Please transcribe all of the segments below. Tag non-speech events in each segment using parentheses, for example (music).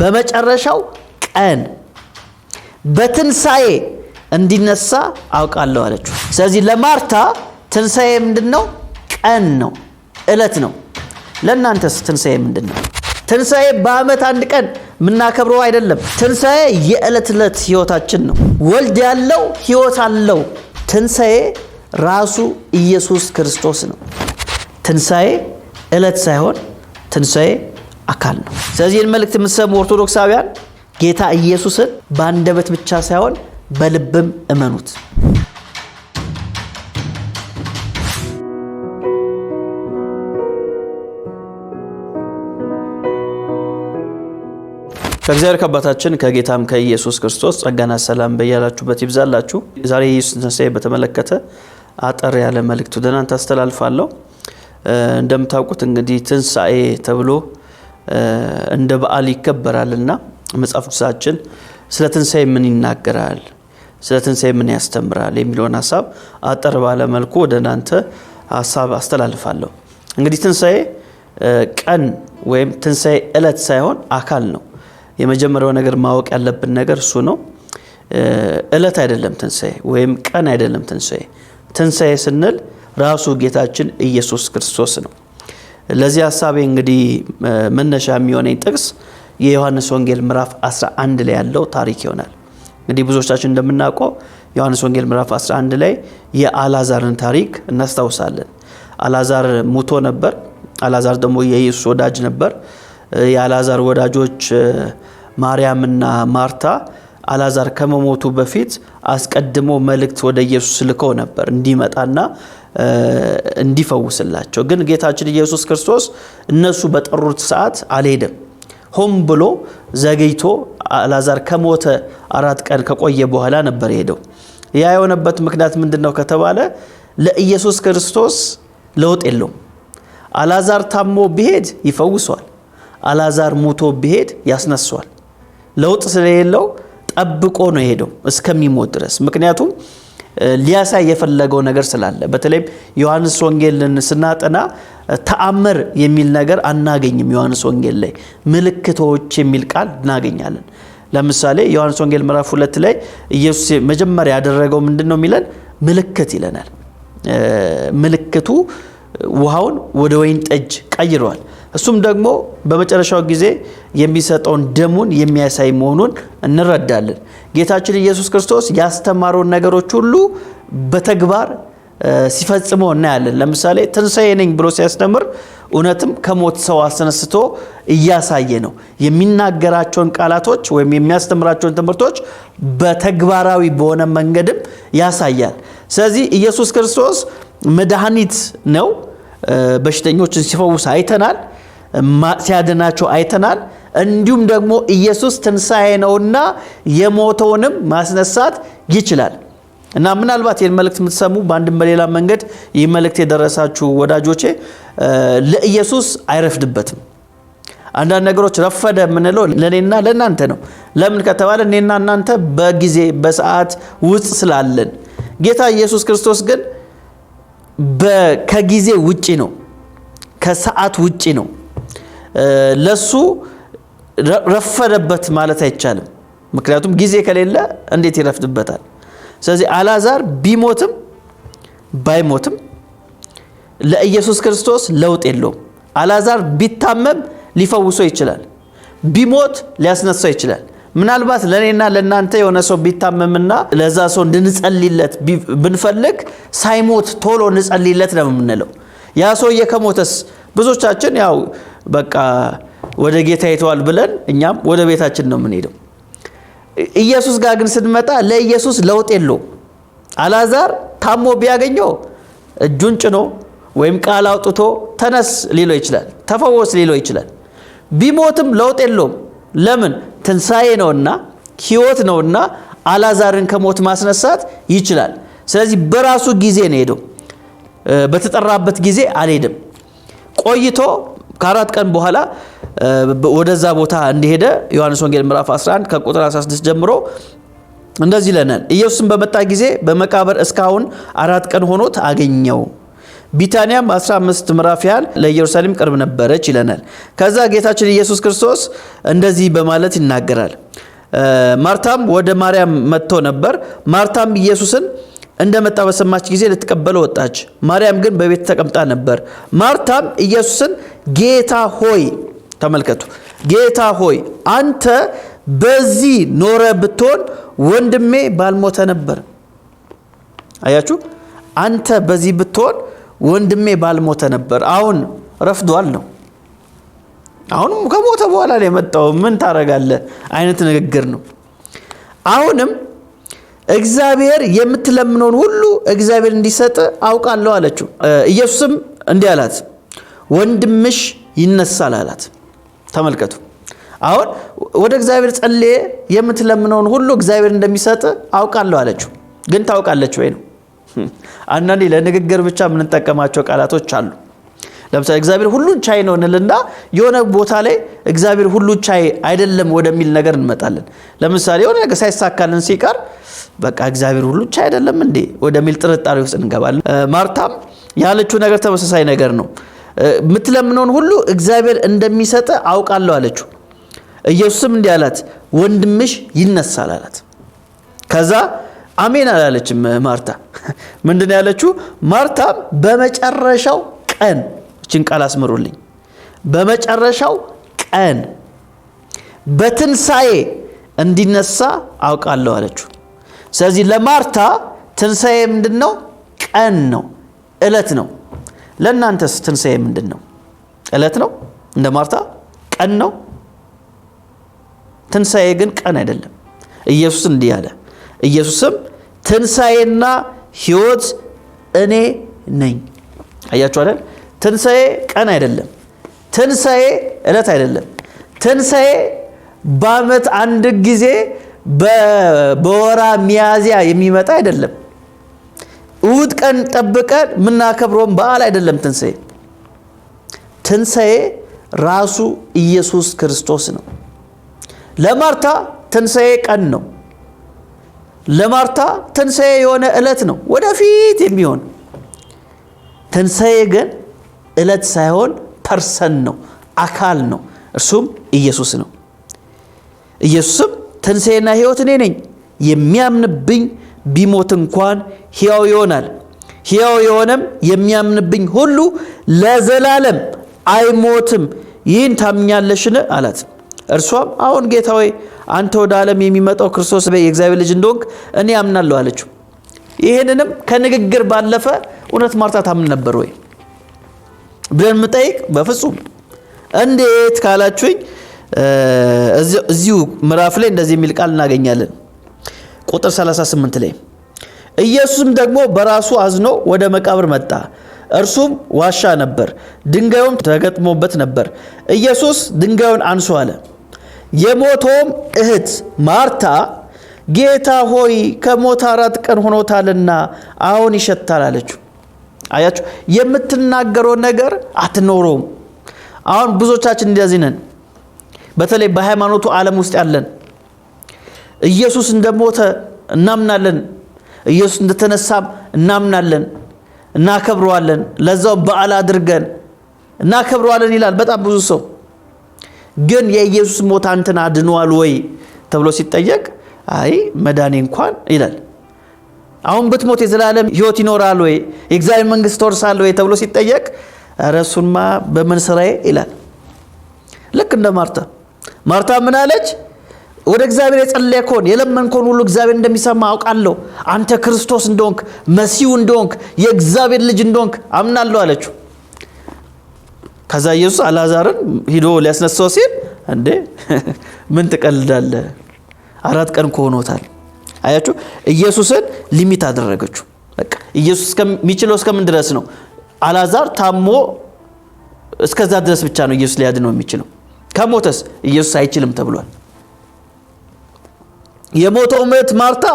በመጨረሻው ቀን በትንሣኤ እንዲነሳ አውቃለሁ አለችው። ስለዚህ ለማርታ ትንሣኤ ምንድን ነው? ቀን ነው፣ እለት ነው። ለእናንተስ ትንሣኤ ምንድን ነው? ትንሣኤ በዓመት አንድ ቀን የምናከብረው አይደለም። ትንሣኤ የዕለት ዕለት ሕይወታችን ነው። ወልድ ያለው ሕይወት አለው። ትንሣኤ ራሱ ኢየሱስ ክርስቶስ ነው። ትንሣኤ ዕለት ሳይሆን ትንሣኤ አካል ነው። ስለዚህን መልእክት የምትሰሙ ኦርቶዶክሳውያን ጌታ ኢየሱስን በአንደበት ብቻ ሳይሆን በልብም እመኑት። ከእግዚአብሔር ከአባታችን ከጌታም ከኢየሱስ ክርስቶስ ጸጋና ሰላም በያላችሁበት ይብዛላችሁ። ዛሬ የኢየሱስ ትንሣኤ በተመለከተ አጠር ያለ መልእክት ወደ እናንተ አስተላልፋለሁ። እንደምታውቁት እንግዲህ ትንሣኤ ተብሎ እንደ በዓል ይከበራልና መጽሐፍ ቅዱሳችን ስለ ትንሣኤ ምን ይናገራል፣ ስለ ትንሣኤ ምን ያስተምራል የሚለውን ሀሳብ አጠር ባለ መልኩ ወደ እናንተ ሀሳብ አስተላልፋለሁ። እንግዲህ ትንሣኤ ቀን ወይም ትንሣኤ ዕለት ሳይሆን አካል ነው። የመጀመሪያው ነገር ማወቅ ያለብን ነገር እሱ ነው። ዕለት አይደለም ትንሣኤ ወይም ቀን አይደለም ትንሣኤ። ትንሣኤ ስንል ራሱ ጌታችን ኢየሱስ ክርስቶስ ነው። ለዚህ ሀሳቤ እንግዲህ መነሻ የሚሆነኝ ጥቅስ የዮሐንስ ወንጌል ምዕራፍ 11 ላይ ያለው ታሪክ ይሆናል። እንግዲህ ብዙዎቻችን እንደምናውቀው ዮሐንስ ወንጌል ምዕራፍ 11 ላይ የአላዛርን ታሪክ እናስታውሳለን። አላዛር ሙቶ ነበር። አላዛር ደግሞ የኢየሱስ ወዳጅ ነበር። የአላዛር ወዳጆች ማርያምና ማርታ አላዛር ከመሞቱ በፊት አስቀድሞ መልእክት ወደ ኢየሱስ ልከው ነበር እንዲመጣና እንዲፈውስላቸው ግን ጌታችን ኢየሱስ ክርስቶስ እነሱ በጠሩት ሰዓት አልሄደም። ሆም ብሎ ዘገይቶ አላዛር ከሞተ አራት ቀን ከቆየ በኋላ ነበር የሄደው። ያ የሆነበት ምክንያት ምንድን ነው ከተባለ ለኢየሱስ ክርስቶስ ለውጥ የለውም። አላዛር ታሞ ቢሄድ ይፈውሰዋል። አላዛር ሙቶ ቢሄድ ያስነሷል። ለውጥ ስለሌለው ጠብቆ ነው የሄደው እስከሚሞት ድረስ ምክንያቱም ሊያሳይ የፈለገው ነገር ስላለ በተለይም ዮሐንስ ወንጌልን ስናጠና ተአምር የሚል ነገር አናገኝም። ዮሐንስ ወንጌል ላይ ምልክቶች የሚል ቃል እናገኛለን። ለምሳሌ ዮሐንስ ወንጌል ምዕራፍ ሁለት ላይ ኢየሱስ መጀመሪያ ያደረገው ምንድን ነው የሚለን ምልክት ይለናል። ምልክቱ ውሃውን ወደ ወይን ጠጅ ቀይረዋል። እሱም ደግሞ በመጨረሻው ጊዜ የሚሰጠውን ደሙን የሚያሳይ መሆኑን እንረዳለን። ጌታችን ኢየሱስ ክርስቶስ ያስተማረውን ነገሮች ሁሉ በተግባር ሲፈጽመው እናያለን። ለምሳሌ ትንሣኤ ነኝ ብሎ ሲያስተምር እውነትም ከሞት ሰው አስነስቶ እያሳየ ነው። የሚናገራቸውን ቃላቶች ወይም የሚያስተምራቸውን ትምህርቶች በተግባራዊ በሆነ መንገድም ያሳያል። ስለዚህ ኢየሱስ ክርስቶስ መድኃኒት ነው። በሽተኞችን ሲፈውስ አይተናል። ሲያድናቸው አይተናል። እንዲሁም ደግሞ ኢየሱስ ትንሣኤ ነውና የሞተውንም ማስነሳት ይችላል። እና ምናልባት ይህን መልእክት የምትሰሙ በአንድም በሌላ መንገድ ይህ መልእክት የደረሳችሁ ወዳጆቼ ለኢየሱስ አይረፍድበትም። አንዳንድ ነገሮች ረፈደ የምንለው ለእኔና ለእናንተ ነው። ለምን ከተባለ እኔና እናንተ በጊዜ በሰዓት ውስጥ ስላለን፣ ጌታ ኢየሱስ ክርስቶስ ግን ከጊዜ ውጪ ነው፣ ከሰዓት ውጪ ነው። ለሱ ረፈደበት ማለት አይቻልም። ምክንያቱም ጊዜ ከሌለ እንዴት ይረፍድበታል? ስለዚህ አላዛር ቢሞትም ባይሞትም ለኢየሱስ ክርስቶስ ለውጥ የለውም። አላዛር ቢታመም ሊፈውሶ ይችላል። ቢሞት ሊያስነሳ ይችላል። ምናልባት ለእኔና ለእናንተ የሆነ ሰው ቢታመምና ለዛ ሰው እንድንጸልይለት ብንፈልግ ሳይሞት ቶሎ እንጸልይለት ነው የምንለው። ያ ሰውዬ ከሞተስ ብዙዎቻችን ያው በቃ ወደ ጌታ ይተዋል ብለን እኛም ወደ ቤታችን ነው የምንሄደው። ኢየሱስ ጋር ግን ስንመጣ ለኢየሱስ ለውጥ የለውም። አላዛር ታሞ ቢያገኘው እጁን ጭኖ ወይም ቃል አውጥቶ ተነስ ሊለው ይችላል፣ ተፈወስ ሊለው ይችላል። ቢሞትም ለውጥ የለውም። ለምን? ትንሣኤ ነውና ሕይወት ነውና አላዛርን ከሞት ማስነሳት ይችላል። ስለዚህ በራሱ ጊዜ ነው ሄደው፣ በተጠራበት ጊዜ አልሄድም። ቆይቶ ከአራት ቀን በኋላ ወደዛ ቦታ እንደሄደ ዮሐንስ ወንጌል ምዕራፍ 11 ከቁጥር 16 ጀምሮ እንደዚህ ይለናል። ኢየሱስም በመጣ ጊዜ በመቃብር እስካሁን አራት ቀን ሆኖት አገኘው። ቢታንያም 15 ምዕራፍ ያህል ለኢየሩሳሌም ቅርብ ነበረች ይለናል። ከዛ ጌታችን ኢየሱስ ክርስቶስ እንደዚህ በማለት ይናገራል። ማርታም ወደ ማርያም መጥቶ ነበር። ማርታም ኢየሱስን እንደመጣ በሰማች ጊዜ ልትቀበለ ወጣች። ማርያም ግን በቤት ተቀምጣ ነበር። ማርታም ኢየሱስን ጌታ ሆይ፣ ተመልከቱ፣ ጌታ ሆይ አንተ በዚህ ኖረ ብትሆን ወንድሜ ባልሞተ ነበር። አያችሁ፣ አንተ በዚህ ብትሆን ወንድሜ ባልሞተ ነበር። አሁን ረፍዷል ነው። አሁንም ከሞተ በኋላ ነው የመጣው። ምን ታረጋለ አይነት ንግግር ነው። አሁንም እግዚአብሔር የምትለምነውን ሁሉ እግዚአብሔር እንዲሰጥ አውቃለሁ አለችው። ኢየሱስም እንዲህ አላት፣ ወንድምሽ ይነሳል አላት። ተመልከቱ አሁን ወደ እግዚአብሔር ጸልዬ የምትለምነውን ሁሉ እግዚአብሔር እንደሚሰጥ አውቃለሁ አለችው። ግን ታውቃለች ወይ ነው? አንዳንዴ ለንግግር ብቻ የምንጠቀማቸው ቃላቶች አሉ። ለምሳሌ እግዚአብሔር ሁሉን ቻይ ነው እንልና የሆነ ቦታ ላይ እግዚአብሔር ሁሉ ቻይ አይደለም ወደሚል ነገር እንመጣለን። ለምሳሌ የሆነ ነገር ሳይሳካልን ሲቀር በቃ እግዚአብሔር ሁሉ ቻይ አይደለም እንዴ ወደሚል ጥርጣሬ ውስጥ እንገባለን። ማርታም ያለችው ነገር ተመሳሳይ ነገር ነው። የምትለምነውን ሁሉ እግዚአብሔር እንደሚሰጥ አውቃለሁ አለችው። ኢየሱስም እንዲህ አላት፣ ወንድምሽ ይነሳል አላት። ከዛ አሜን አላለችም ማርታ። ምንድን ያለችው ማርታ በመጨረሻው ቀን እችን ቃል አስምሩልኝ። በመጨረሻው ቀን በትንሣኤ እንዲነሳ አውቃለሁ አለችው። ስለዚህ ለማርታ ትንሣኤ ምንድን ነው? ቀን ነው፣ እለት ነው። ለእናንተስ ትንሣኤ ምንድን ነው? እለት ነው እንደ ማርታ ቀን ነው። ትንሣኤ ግን ቀን አይደለም። ኢየሱስ እንዲህ አለ። ኢየሱስም ትንሣኤና ሕይወት እኔ ነኝ። አያችሁ አይደል? ትንሣኤ ቀን አይደለም። ትንሣኤ ዕለት አይደለም። ትንሣኤ በዓመት አንድ ጊዜ በወራ ሚያዝያ የሚመጣ አይደለም። እውድ ቀን ጠብቀን የምናከብረውን በዓል አይደለም። ትንሣኤ ትንሣኤ ራሱ ኢየሱስ ክርስቶስ ነው። ለማርታ ትንሣኤ ቀን ነው። ለማርታ ትንሣኤ የሆነ ዕለት ነው፣ ወደፊት የሚሆን ትንሣኤ ግን እለት ሳይሆን ፐርሰን ነው፣ አካል ነው። እርሱም ኢየሱስ ነው። ኢየሱስም ትንሣኤና ሕይወት እኔ ነኝ፣ የሚያምንብኝ ቢሞት እንኳን ሕያው ይሆናል፣ ሕያው የሆነም የሚያምንብኝ ሁሉ ለዘላለም አይሞትም። ይህን ታምኛለሽን? አላት። እርሷም አሁን ጌታ ሆይ አንተ ወደ ዓለም የሚመጣው ክርስቶስ የእግዚአብሔር ልጅ እንደሆንክ እኔ አምናለሁ አለችው። ይህንንም ከንግግር ባለፈ እውነት ማርታ ታምን ነበር ወይ? ብለን የምጠይቅ በፍጹም። እንዴት ካላችሁኝ እዚሁ ምዕራፍ ላይ እንደዚህ የሚል ቃል እናገኛለን። ቁጥር 38 ላይ ኢየሱስም ደግሞ በራሱ አዝኖ ወደ መቃብር መጣ። እርሱም ዋሻ ነበር፣ ድንጋዩም ተገጥሞበት ነበር። ኢየሱስ ድንጋዩን አንሶ አለ። የሞቶም እህት ማርታ ጌታ ሆይ ከሞት አራት ቀን ሆኖታልና አሁን ይሸታል አለችው። አያችሁ፣ የምትናገረው ነገር አትኖረውም። አሁን ብዙዎቻችን እንደዚህ ነን። በተለይ በሃይማኖቱ ዓለም ውስጥ ያለን ኢየሱስ እንደሞተ እናምናለን፣ ኢየሱስ እንደተነሳም እናምናለን፣ እናከብረዋለን። ለዛው በዓል አድርገን እናከብረዋለን ይላል በጣም ብዙ ሰው። ግን የኢየሱስ ሞት አንተን አድኗል ወይ ተብሎ ሲጠየቅ አይ መዳኔ እንኳን ይላል አሁን ብትሞት የዘላለም ህይወት ይኖራል ወይ የእግዚአብሔር መንግስት ትወርሳል ወይ ተብሎ ሲጠየቅ ረሱማ በምን ስራዬ ይላል። ልክ እንደ ማርታ ማርታ ምን አለች? ወደ እግዚአብሔር የለመን የለመንከውን ሁሉ እግዚአብሔር እንደሚሰማ አውቃለሁ። አንተ ክርስቶስ እንደሆንክ መሲሁ እንደሆንክ የእግዚአብሔር ልጅ እንደሆንክ አምናለሁ አለችው። ከዛ ኢየሱስ አላዛርን ሂዶ ሊያስነሳው ሲል እንዴ (laughs) ምን ትቀልዳለ አራት ቀን ከሆኖታል። አያችሁ ኢየሱስን ሊሚት አደረገችው። በቃ ኢየሱስ የሚችለው እስከምን ድረስ ነው? አላዛር ታሞ እስከዛ ድረስ ብቻ ነው ኢየሱስ ሊያድነው የሚችለው። ከሞተስ ኢየሱስ አይችልም ተብሏል። የሞተው ምት ማርታ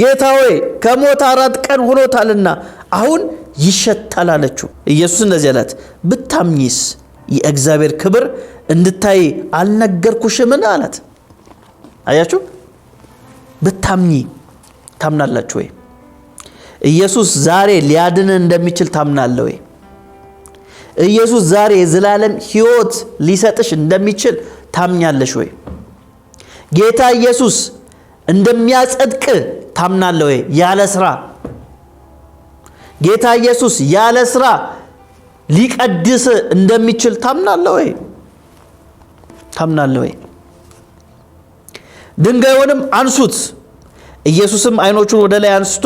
ጌታ ሆይ ከሞት አራት ቀን ሆኖታልና አሁን ይሸታል አለችው። ኢየሱስ እንደዚህ አላት፣ ብታምኚስ የእግዚአብሔር ክብር እንድታይ አልነገርኩሽምን አላት። አያችሁ፣ ብታምኚ ታምናላችሁ ወይ? ኢየሱስ ዛሬ ሊያድን እንደሚችል ታምናለህ ወይ? ኢየሱስ ዛሬ የዘላለም ሕይወት ሊሰጥሽ እንደሚችል ታምኛለሽ ወይ? ጌታ ኢየሱስ እንደሚያጸድቅ ታምናለ ወይ? ያለ ስራ ጌታ ኢየሱስ ያለ ስራ ሊቀድስ እንደሚችል ታምናለ ወይ? ታምናለህ ወይ? ድንጋዩንም አንሱት ኢየሱስም ዓይኖቹን ወደ ላይ አንስቶ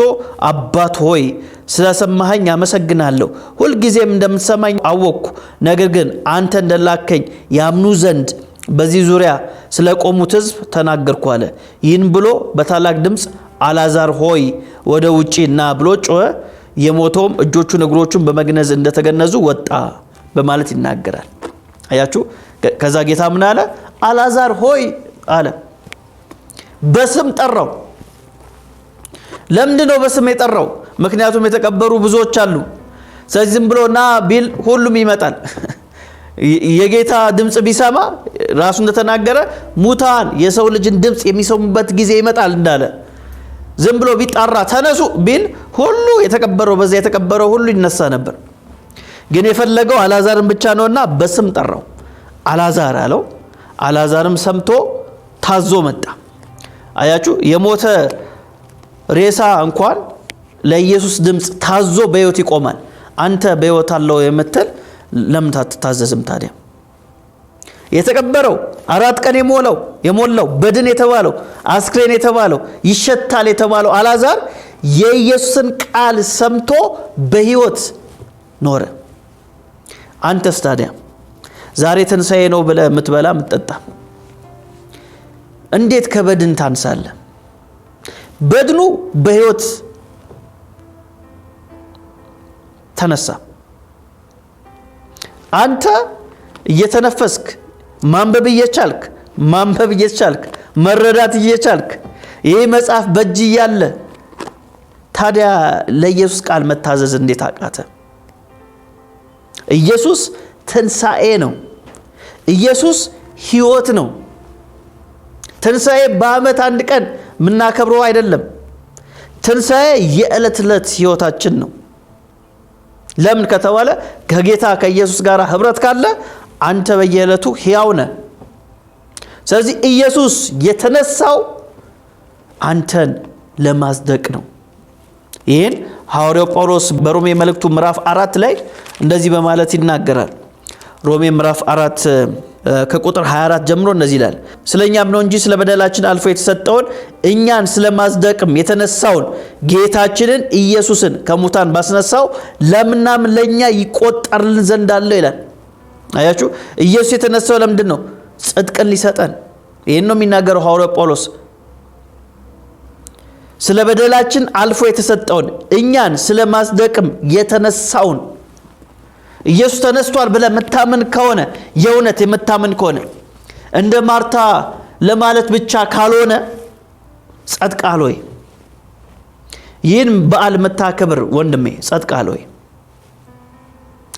አባት ሆይ ስለሰማኸኝ አመሰግናለሁ። ሁልጊዜም እንደምትሰማኝ አወቅኩ። ነገር ግን አንተ እንደላከኝ ያምኑ ዘንድ በዚህ ዙሪያ ስለ ቆሙት ሕዝብ ተናገርኩ አለ። ይህን ብሎ በታላቅ ድምፅ አላዛር ሆይ ወደ ውጪ ና ብሎ ጮኸ። የሞተውም እጆቹን እግሮቹን በመግነዝ እንደተገነዙ ወጣ በማለት ይናገራል። አያችሁ። ከዛ ጌታ ምን አለ? አላዛር ሆይ አለ። በስም ጠራው። ለምንድን ነው በስም የጠራው? ምክንያቱም የተቀበሩ ብዙዎች አሉ። ስለዚህ ዝም ብሎና ቢል ሁሉም ይመጣል። (laughs) የጌታ ድምፅ ቢሰማ ራሱ እንደተናገረ ሙታን የሰው ልጅን ድምፅ የሚሰሙበት ጊዜ ይመጣል እንዳለ ዝም ብሎ ቢጣራ ተነሱ ቢል ሁሉ የተቀበረው በዛ የተቀበረው ሁሉ ይነሳ ነበር። ግን የፈለገው አላዛርን ብቻ ነውና በስም ጠራው። አላዛር አለው። አላዛርም ሰምቶ ታዞ መጣ። አያችሁ የሞተ ሬሳ እንኳን ለኢየሱስ ድምፅ ታዞ በሕይወት ይቆማል። አንተ በሕይወት አለው የምትል ለምን አትታዘዝም ታዲያ? የተቀበረው አራት ቀን የሞላው የሞላው በድን የተባለው አስክሬን የተባለው ይሸታል የተባለው አላዛር የኢየሱስን ቃል ሰምቶ በሕይወት ኖረ። አንተስ ታዲያ ዛሬ ትንሣኤ ነው ብለህ የምትበላ የምትጠጣ እንዴት ከበድን ታንሳለህ? በድኑ በህይወት ተነሳ። አንተ እየተነፈስክ ማንበብ እየቻልክ ማንበብ እየቻልክ መረዳት እየቻልክ ይህ መጽሐፍ በእጅ እያለ ታዲያ ለኢየሱስ ቃል መታዘዝ እንዴት አቃተ? ኢየሱስ ትንሣኤ ነው። ኢየሱስ ህይወት ነው። ትንሣኤ በዓመት አንድ ቀን የምናከብረው አይደለም። ትንሣኤ የዕለት ዕለት ህይወታችን ነው። ለምን ከተባለ ከጌታ ከኢየሱስ ጋር ህብረት ካለ አንተ በየዕለቱ ሕያው ነ ስለዚህ ኢየሱስ የተነሳው አንተን ለማጽደቅ ነው። ይህን ሐዋርያው ጳውሎስ በሮሜ መልእክቱ ምዕራፍ አራት ላይ እንደዚህ በማለት ይናገራል። ሮሜ ምዕራፍ አራት ከቁጥር 24 ጀምሮ እነዚህ ይላል። ስለ እኛም ነው እንጂ ስለ በደላችን አልፎ የተሰጠውን እኛን ስለ የተነሳውን ጌታችንን ኢየሱስን ከሙታን ባስነሳው ለምናም ለእኛ ይቆጠርልን ዘንድ አለው ይላል። አያችሁ፣ ኢየሱስ የተነሳው ለምንድን ነው? ጽድቅን ሊሰጠን። ይህን ነው የሚናገረው ሐዋርያው ጳውሎስ ስለ በደላችን አልፎ የተሰጠውን እኛን ስለ የተነሳውን ኢየሱስ ተነስቷል ብለ የምታምን ከሆነ የእውነት የምታምን ከሆነ እንደ ማርታ ለማለት ብቻ ካልሆነ ጸድቃል ወይ? ይህን በዓል መታከብር ወንድሜ ጸድቃል ወይ?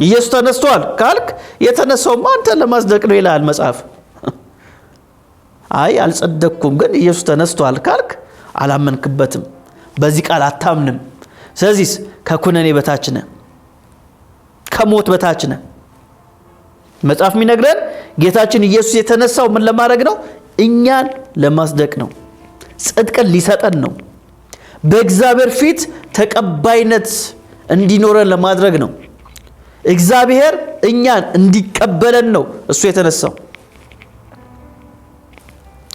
ኢየሱስ ተነስቷል ካልክ የተነሳውማ አንተን ለማጽደቅ ነው ይላል መጽሐፍ። አይ አልጸደቅኩም፣ ግን ኢየሱስ ተነስቷል ካልክ አላመንክበትም፣ በዚህ ቃል አታምንም። ስለዚህ ከኩነኔ በታች ነ። ከሞት በታች ነን። መጽሐፍ የሚነግረን ጌታችን ኢየሱስ የተነሳው ምን ለማድረግ ነው? እኛን ለማስደቅ ነው። ጽድቅን ሊሰጠን ነው። በእግዚአብሔር ፊት ተቀባይነት እንዲኖረን ለማድረግ ነው። እግዚአብሔር እኛን እንዲቀበለን ነው እሱ የተነሳው።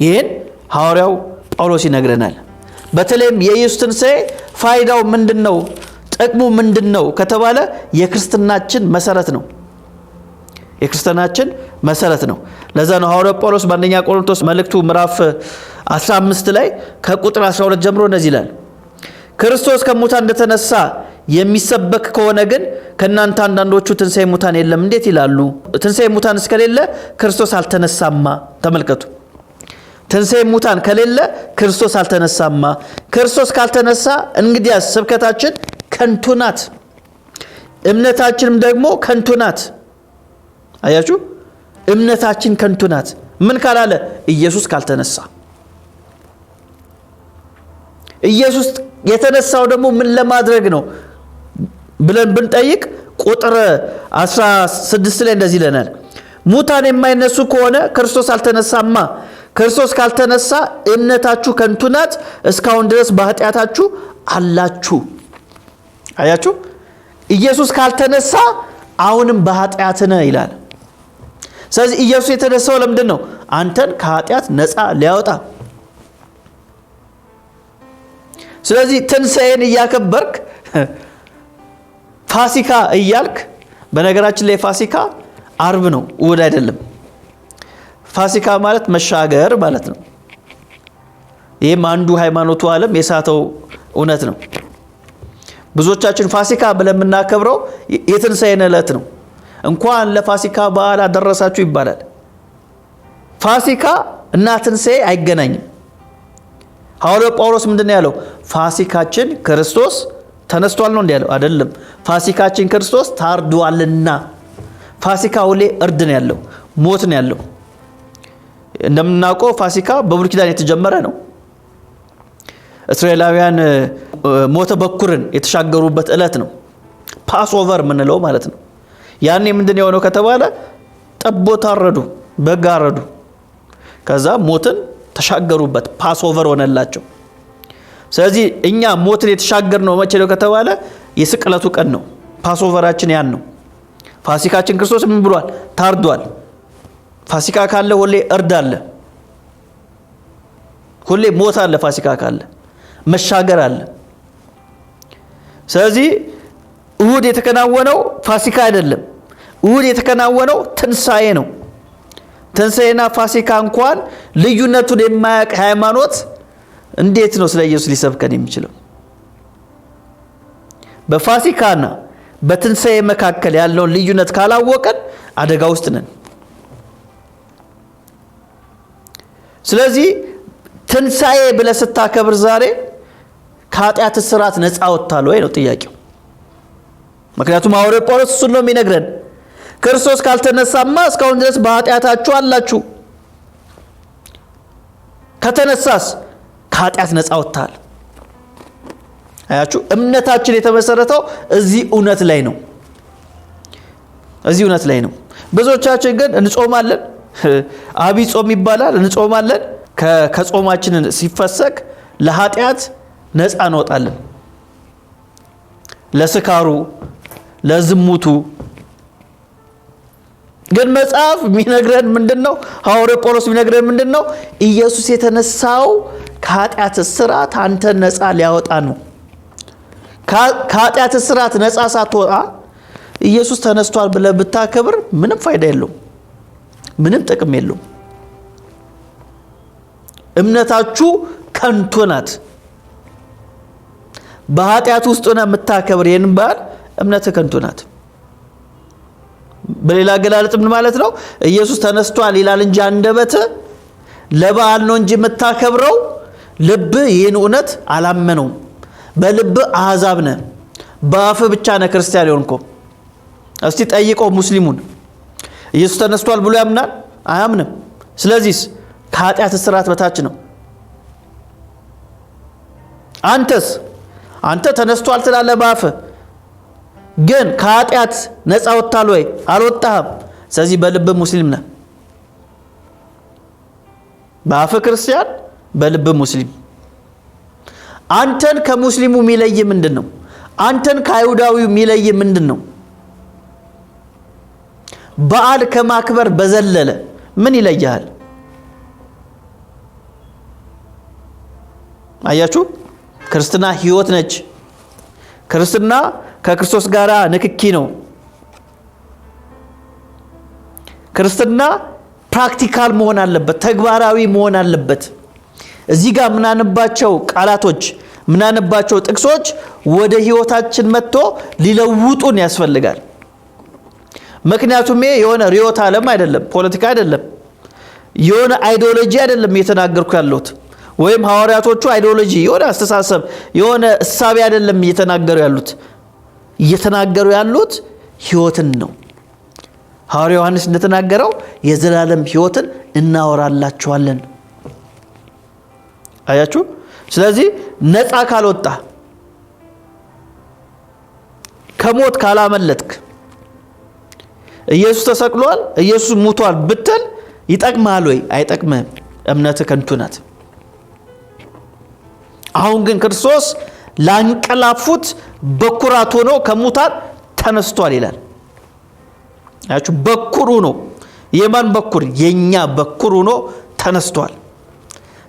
ይህን ሐዋርያው ጳውሎስ ይነግረናል። በተለይም የኢየሱስ ትንሣኤ ፋይዳው ምንድን ነው? ጥቅሙ ምንድን ነው ከተባለ የክርስትናችን መሰረት ነው። የክርስትናችን መሰረት ነው። ለዛ ነው ሐዋርያው ጳውሎስ በአንደኛ ቆሮንቶስ መልእክቱ ምዕራፍ 15 ላይ ከቁጥር 12 ጀምሮ እንደዚህ ይላል ክርስቶስ ከሙታን እንደተነሳ የሚሰበክ ከሆነ ግን ከእናንተ አንዳንዶቹ ትንሣኤ ሙታን የለም እንዴት ይላሉ? ትንሣኤ ሙታን እስከሌለ ክርስቶስ አልተነሳማ። ተመልከቱ፣ ትንሣኤ ሙታን ከሌለ ክርስቶስ አልተነሳማ። ክርስቶስ ካልተነሳ እንግዲያስ ስብከታችን ከንቱ ናት፣ እምነታችንም ደግሞ ከንቱ ናት። አያችሁ፣ እምነታችን ከንቱ ናት። ምን ካላለ ኢየሱስ ካልተነሳ። ኢየሱስ የተነሳው ደግሞ ምን ለማድረግ ነው ብለን ብንጠይቅ ቁጥር 16 ላይ እንደዚህ ይለናል፣ ሙታን የማይነሱ ከሆነ ክርስቶስ አልተነሳማ። ክርስቶስ ካልተነሳ እምነታችሁ ከንቱ ናት፣ እስካሁን ድረስ በኃጢአታችሁ አላችሁ። አያችሁ፣ ኢየሱስ ካልተነሳ አሁንም በኃጢአት ነህ ይላል። ስለዚህ ኢየሱስ የተነሳው ለምንድን ነው? አንተን ከኃጢአት ነፃ ሊያወጣ። ስለዚህ ትንሣኤን እያከበርክ ፋሲካ እያልክ በነገራችን ላይ ፋሲካ አርብ ነው፣ እሑድ አይደለም። ፋሲካ ማለት መሻገር ማለት ነው። ይህም አንዱ ሃይማኖቱ ዓለም የሳተው እውነት ነው። ብዙዎቻችን ፋሲካ ብለን የምናከብረው የትንሣኤን ዕለት ነው። እንኳን ለፋሲካ በዓል አደረሳችሁ ይባላል። ፋሲካ እና ትንሣኤ አይገናኝም። ሐዋርያው ጳውሎስ ምንድን ያለው? ፋሲካችን ክርስቶስ ተነስቷል ነው እንዲ ያለው? አይደለም። ፋሲካችን ክርስቶስ ታርዷልና። ፋሲካ ሁሌ እርድ ነው ያለው፣ ሞት ነው ያለው። እንደምናውቀው ፋሲካ በብሉይ ኪዳን የተጀመረ ነው። እስራኤላውያን ሞተ በኩርን የተሻገሩበት ዕለት ነው። ፓስኦቨር የምንለው ማለት ነው። ያኔ ምንድን የሆነው ከተባለ ጠቦት አረዱ፣ በግ አረዱ። ከዛ ሞትን ተሻገሩበት፣ ፓስኦቨር ሆነላቸው። ስለዚህ እኛ ሞትን የተሻገር ነው መቼ ነው ከተባለ የስቅለቱ ቀን ነው። ፓስኦቨራችን ያን ነው። ፋሲካችን ክርስቶስ ምን ብሏል? ታርዷል። ፋሲካ ካለ ሁሌ እርድ አለ፣ ሁሌ ሞት አለ ፋሲካ ካለ መሻገር አለ። ስለዚህ እሁድ የተከናወነው ፋሲካ አይደለም። እሁድ የተከናወነው ትንሣኤ ነው። ትንሣኤና ፋሲካ እንኳን ልዩነቱን የማያውቅ ሃይማኖት እንዴት ነው ስለ ኢየሱስ ሊሰብከን የሚችለው? በፋሲካና በትንሣኤ መካከል ያለውን ልዩነት ካላወቀን አደጋ ውስጥ ነን። ስለዚህ ትንሣኤ ብለህ ስታከብር ዛሬ ከኃጢአት ስርዓት ነፃ ወጥታል ወይ ነው ጥያቄው። ምክንያቱም ሐዋርያው ጳውሎስ እሱን ነው የሚነግረን። ክርስቶስ ካልተነሳማ እስካሁን ድረስ በኃጢአታችሁ አላችሁ፣ ከተነሳስ ከኃጢአት ነፃ ወጥታል። አያችሁ፣ እምነታችን የተመሰረተው እዚህ እውነት ላይ ነው። እዚህ እውነት ላይ ነው። ብዙዎቻችን ግን እንጾማለን፣ (laughs) አብይ ጾም ይባላል። እንጾማለን ከጾማችን ሲፈሰግ ለኃጢአት ነፃ እንወጣለን። ለስካሩ፣ ለዝሙቱ ግን መጽሐፍ የሚነግረን ምንድን ነው? ሐዋርያ ጳውሎስ የሚነግረን ምንድን ነው? ኢየሱስ የተነሳው ከኃጢአት እስራት አንተን ነፃ ሊያወጣ ነው። ከኃጢአት እስራት ነፃ ሳትወጣ ኢየሱስ ተነስቷል ብለህ ብታከብር ምንም ፋይዳ የለውም፣ ምንም ጥቅም የለውም። እምነታችሁ ከንቱ ናት። በኃጢአት ውስጥ ሆነ የምታከብር ይህን በዓል እምነት ከንቱ ናት። በሌላ አገላለጥ ምን ማለት ነው? ኢየሱስ ተነስቷል ይላል እንጂ አንደበት ለበዓል ነው እንጂ የምታከብረው ልብ ይህን እውነት አላመነውም። በልብ አሕዛብ ነ በአፍ ብቻ ነ ክርስቲያን የሆንከው። እስቲ ጠይቀው ሙስሊሙን ኢየሱስ ተነስቷል ብሎ ያምናል? አያምንም። ስለዚህስ ከኃጢአት እስራት በታች ነው። አንተስ አንተ ተነስቷል ትላለህ በአፍህ ግን ከኃጢአት ነፃ ወጥታል ወይ? አልወጣህም። ስለዚህ በልብ ሙስሊም ነህ። በአፍህ ክርስቲያን፣ በልብ ሙስሊም። አንተን ከሙስሊሙ የሚለይ ምንድን ነው? አንተን ከአይሁዳዊው የሚለይ ምንድን ነው? በዓል ከማክበር በዘለለ ምን ይለያል? አያችሁ። ክርስትና ህይወት ነች። ክርስትና ከክርስቶስ ጋር ንክኪ ነው። ክርስትና ፕራክቲካል መሆን አለበት፣ ተግባራዊ መሆን አለበት። እዚህ ጋር ምናነባቸው ቃላቶች ምናነባቸው ጥቅሶች ወደ ህይወታችን መጥቶ ሊለውጡን ያስፈልጋል። ምክንያቱም ይሄ የሆነ ርዕዮተ ዓለም አይደለም፣ ፖለቲካ አይደለም፣ የሆነ አይዲዮሎጂ አይደለም እየተናገርኩ ያለሁት ወይም ሐዋርያቶቹ አይዲዮሎጂ የሆነ አስተሳሰብ የሆነ እሳቤ አይደለም እየተናገሩ ያሉት እየተናገሩ ያሉት ህይወትን ነው። ሐዋር ዮሐንስ እንደተናገረው የዘላለም ህይወትን እናወራላችኋለን። አያችሁ። ስለዚህ ነፃ ካልወጣ ከሞት ካላመለጥክ ኢየሱስ ተሰቅሏል፣ ኢየሱስ ሙቷል ብትል ይጠቅማል ወይ? አይጠቅምህም። እምነትህ ከንቱ ናት። አሁን ግን ክርስቶስ ላንቀላፉት በኩራት ሆኖ ከሙታን ተነስቷል ይላል። ያችሁ በኩር ሆኖ የማን በኩር? የኛ በኩር ሆኖ ተነስቷል።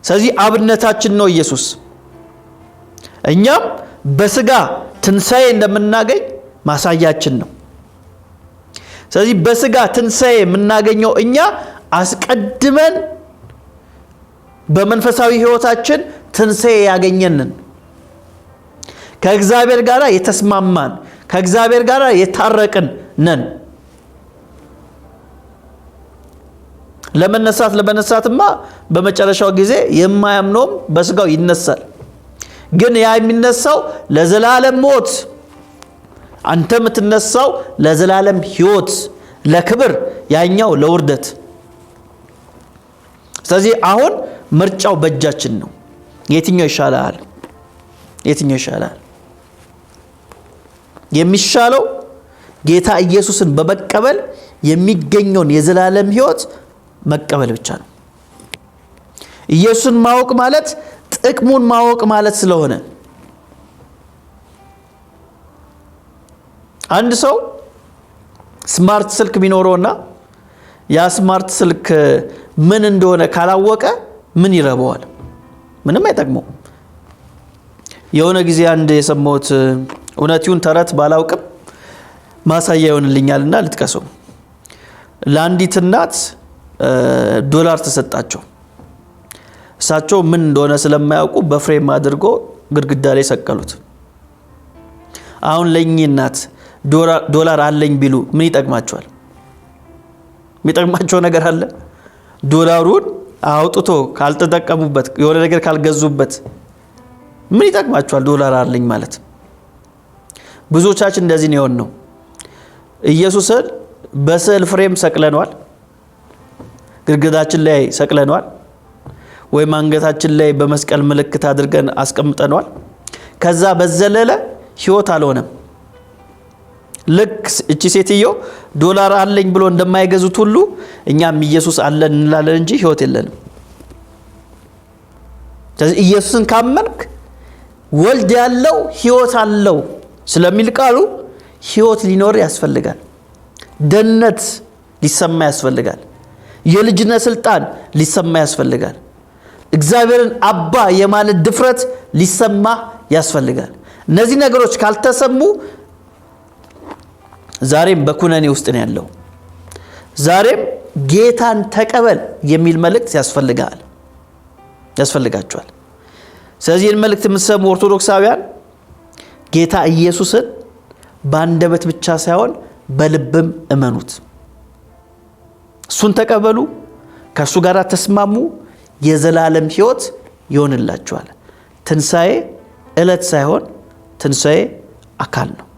ስለዚህ አብነታችን ነው ኢየሱስ። እኛም በስጋ ትንሣኤ እንደምናገኝ ማሳያችን ነው። ስለዚህ በስጋ ትንሣኤ የምናገኘው እኛ አስቀድመን በመንፈሳዊ ህይወታችን ትንሣኤ ያገኘንን ከእግዚአብሔር ጋር የተስማማን ከእግዚአብሔር ጋር የታረቅን ነን። ለመነሳት ለመነሳትማ በመጨረሻው ጊዜ የማያምነውም በስጋው ይነሳል። ግን ያ የሚነሳው ለዘላለም ሞት፣ አንተ የምትነሳው ለዘላለም ህይወት፣ ለክብር፣ ያኛው ለውርደት። ስለዚህ አሁን ምርጫው በእጃችን ነው። የትኛው ይሻላል? የትኛው ይሻላል? የሚሻለው ጌታ ኢየሱስን በመቀበል የሚገኘውን የዘላለም ሕይወት መቀበል ብቻ ነው። ኢየሱስን ማወቅ ማለት ጥቅሙን ማወቅ ማለት ስለሆነ አንድ ሰው ስማርት ስልክ ቢኖረውና ያ ስማርት ስልክ ምን እንደሆነ ካላወቀ ምን ይረበዋል? ምንም አይጠቅመው። የሆነ ጊዜ አንድ የሰማሁት እውነቲውን ተረት ባላውቅም ማሳያ ይሆንልኛል እና ልጥቀሰው። ለአንዲት እናት ዶላር ተሰጣቸው። እሳቸው ምን እንደሆነ ስለማያውቁ በፍሬም አድርጎ ግድግዳ ላይ ሰቀሉት። አሁን ለእኚህ እናት ዶላር አለኝ ቢሉ ምን ይጠቅማቸዋል? የሚጠቅማቸው ነገር አለ? ዶላሩን አውጥቶ ካልተጠቀሙበት የሆነ ነገር ካልገዙበት ምን ይጠቅማቸዋል? ዶላር አለኝ ማለት። ብዙዎቻችን እንደዚህ የሆን ነው። ኢየሱስን በስዕል ፍሬም ሰቅለነዋል፣ ግድግዳችን ላይ ሰቅለነዋል፣ ወይም አንገታችን ላይ በመስቀል ምልክት አድርገን አስቀምጠነዋል። ከዛ በዘለለ ህይወት አልሆነም። ልክ እቺ ሴትዮ ዶላር አለኝ ብሎ እንደማይገዙት ሁሉ እኛም ኢየሱስ አለን እንላለን እንጂ ህይወት የለንም። ስለዚህ ኢየሱስን ካመንክ ወልድ ያለው ህይወት አለው ስለሚል ቃሉ ህይወት ሊኖር ያስፈልጋል። ደህንነት ሊሰማ ያስፈልጋል። የልጅነት ስልጣን ሊሰማ ያስፈልጋል። እግዚአብሔርን አባ የማለት ድፍረት ሊሰማ ያስፈልጋል። እነዚህ ነገሮች ካልተሰሙ ዛሬም በኩነኔ ውስጥ ነው ያለው። ዛሬም ጌታን ተቀበል የሚል መልእክት ያስፈልጋል ያስፈልጋቸዋል። ስለዚህ ይህን መልእክት የምትሰሙ ኦርቶዶክሳውያን ጌታ ኢየሱስን በአንደበት ብቻ ሳይሆን በልብም እመኑት። እሱን ተቀበሉ፣ ከእሱ ጋር ተስማሙ፣ የዘላለም ሕይወት ይሆንላችኋል። ትንሣኤ ዕለት ሳይሆን ትንሣኤ አካል ነው።